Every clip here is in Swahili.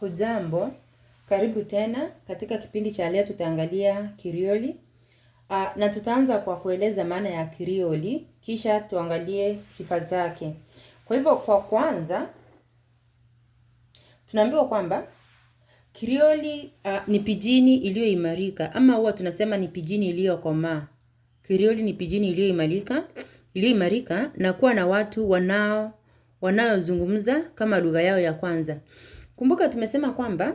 Hujambo, karibu tena. Katika kipindi cha leo tutaangalia Krioli uh, ah, na tutaanza kwa kueleza maana ya Krioli, kisha tuangalie sifa zake. Kwa hivyo, kwa kwanza tunaambiwa kwamba Krioli uh, ah, ni pijini iliyoimarika ama huwa tunasema ni pijini iliyokomaa. Krioli ni pijini iliyoimarika iliyoimarika na kuwa na watu wanao wanayozungumza kama lugha yao ya kwanza. Kumbuka tumesema kwamba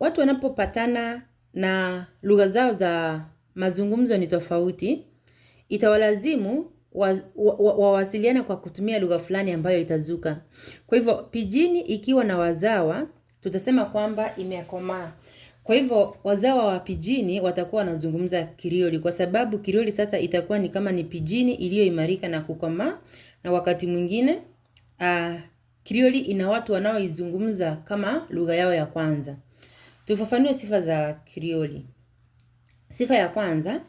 watu wanapopatana na lugha zao za mazungumzo ni tofauti, itawalazimu wawasiliana wa, wa, wa kwa kutumia lugha fulani ambayo itazuka. Kwa hivyo pijini ikiwa na wazawa, tutasema kwamba imekomaa. Kwa hivyo wazawa wa pijini watakuwa wanazungumza Kirioli kwa sababu Kirioli sasa itakuwa ni kama ni pijini iliyoimarika na kukomaa, na wakati mwingine uh, Krioli ina watu wanaoizungumza kama lugha yao ya kwanza. Tufafanue sifa za Krioli. Sifa ya kwanza,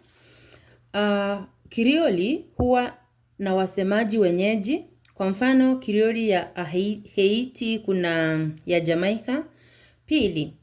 uh, Krioli huwa na wasemaji wenyeji. Kwa mfano, Krioli ya Haiti kuna ya Jamaika. Pili,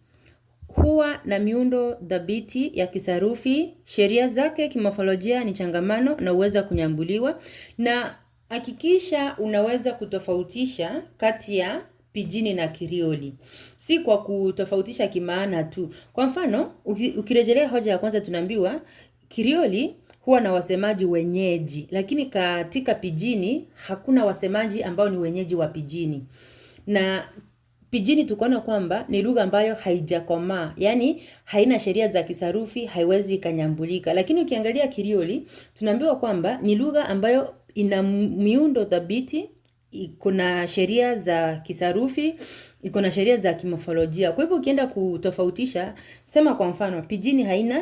huwa na miundo dhabiti ya kisarufi. Sheria zake kimofolojia ni changamano na uweza kunyambuliwa na Hakikisha unaweza kutofautisha kati ya pijini na kirioli, si kwa kutofautisha kimaana tu. Kwa mfano, ukirejelea hoja ya kwanza, tunaambiwa kirioli huwa na wasemaji wenyeji, lakini katika pijini hakuna wasemaji ambao ni wenyeji wa pijini, na pijini tukaona kwamba ni lugha ambayo haijakomaa, yani haina sheria za kisarufi, haiwezi ikanyambulika. Lakini ukiangalia kirioli, tunaambiwa kwamba ni lugha ambayo ina miundo thabiti, iko na sheria za kisarufi, iko na sheria za kimofolojia. Kwa hivyo ukienda kutofautisha, sema kwa mfano, pijini haina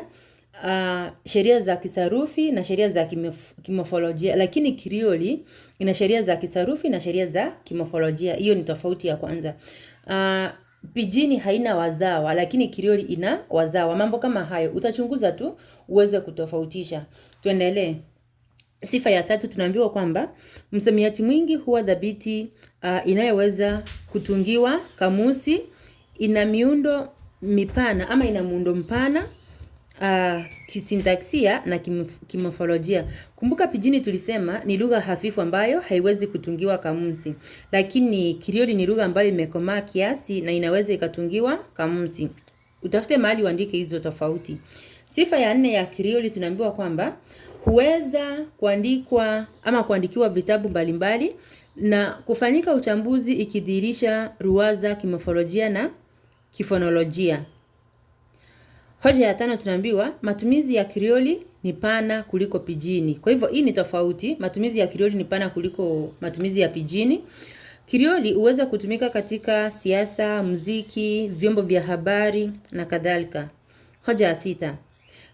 uh, sheria za kisarufi na sheria za kimofolojia, lakini krioli ina sheria za kisarufi na sheria za kimofolojia. Hiyo ni tofauti ya kwanza. Uh, ah, Pijini haina wazawa lakini Krioli ina wazawa. Mambo kama hayo utachunguza tu uweze kutofautisha. Tuendelee. Sifa ya tatu tunaambiwa kwamba msamiati mwingi huwa dhabiti, uh, ah, inayoweza kutungiwa kamusi, ina miundo mipana ama ina muundo mpana uh, kisintaksia na kimofolojia. Kumbuka pijini tulisema ni lugha hafifu ambayo haiwezi kutungiwa kamusi, lakini Krioli ni lugha ambayo imekomaa kiasi na inaweza ikatungiwa kamusi. Utafute mahali uandike hizo tofauti. Sifa ya nne ya Krioli tunaambiwa kwamba huweza kuandikwa ama kuandikiwa vitabu mbalimbali na kufanyika uchambuzi ikidhihirisha ruwaza kimofolojia na kifonolojia. Hoja ya tano tunaambiwa matumizi ya Krioli ni pana kuliko pijini. Kwa hivyo hii ni tofauti, matumizi ya Krioli ni pana kuliko matumizi ya pijini. Krioli huweza kutumika katika siasa, muziki, vyombo vya habari na kadhalika. Hoja ya sita.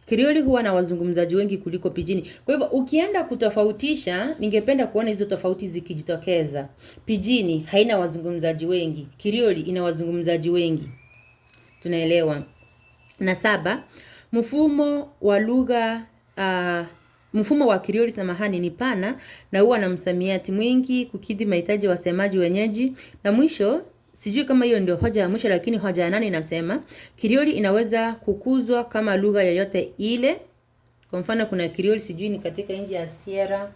Krioli huwa na wazungumzaji wengi kuliko Pijini. Kwa hivyo ukienda kutofautisha, ningependa kuona hizo tofauti zikijitokeza. Pijini haina wazungumzaji wengi, Krioli ina wazungumzaji wengi. Tunaelewa. Na saba, mfumo wa lugha uh, mfumo wa Krioli samahani, ni pana na huwa na msamiati mwingi kukidhi mahitaji wasemaji wenyeji, na mwisho Sijui kama hiyo ndio hoja ya mwisho, lakini hoja ya nane inasema Krioli inaweza kukuzwa kama lugha yoyote ile. Kwa mfano kuna Krioli sijui ni katika nchi ya Sierra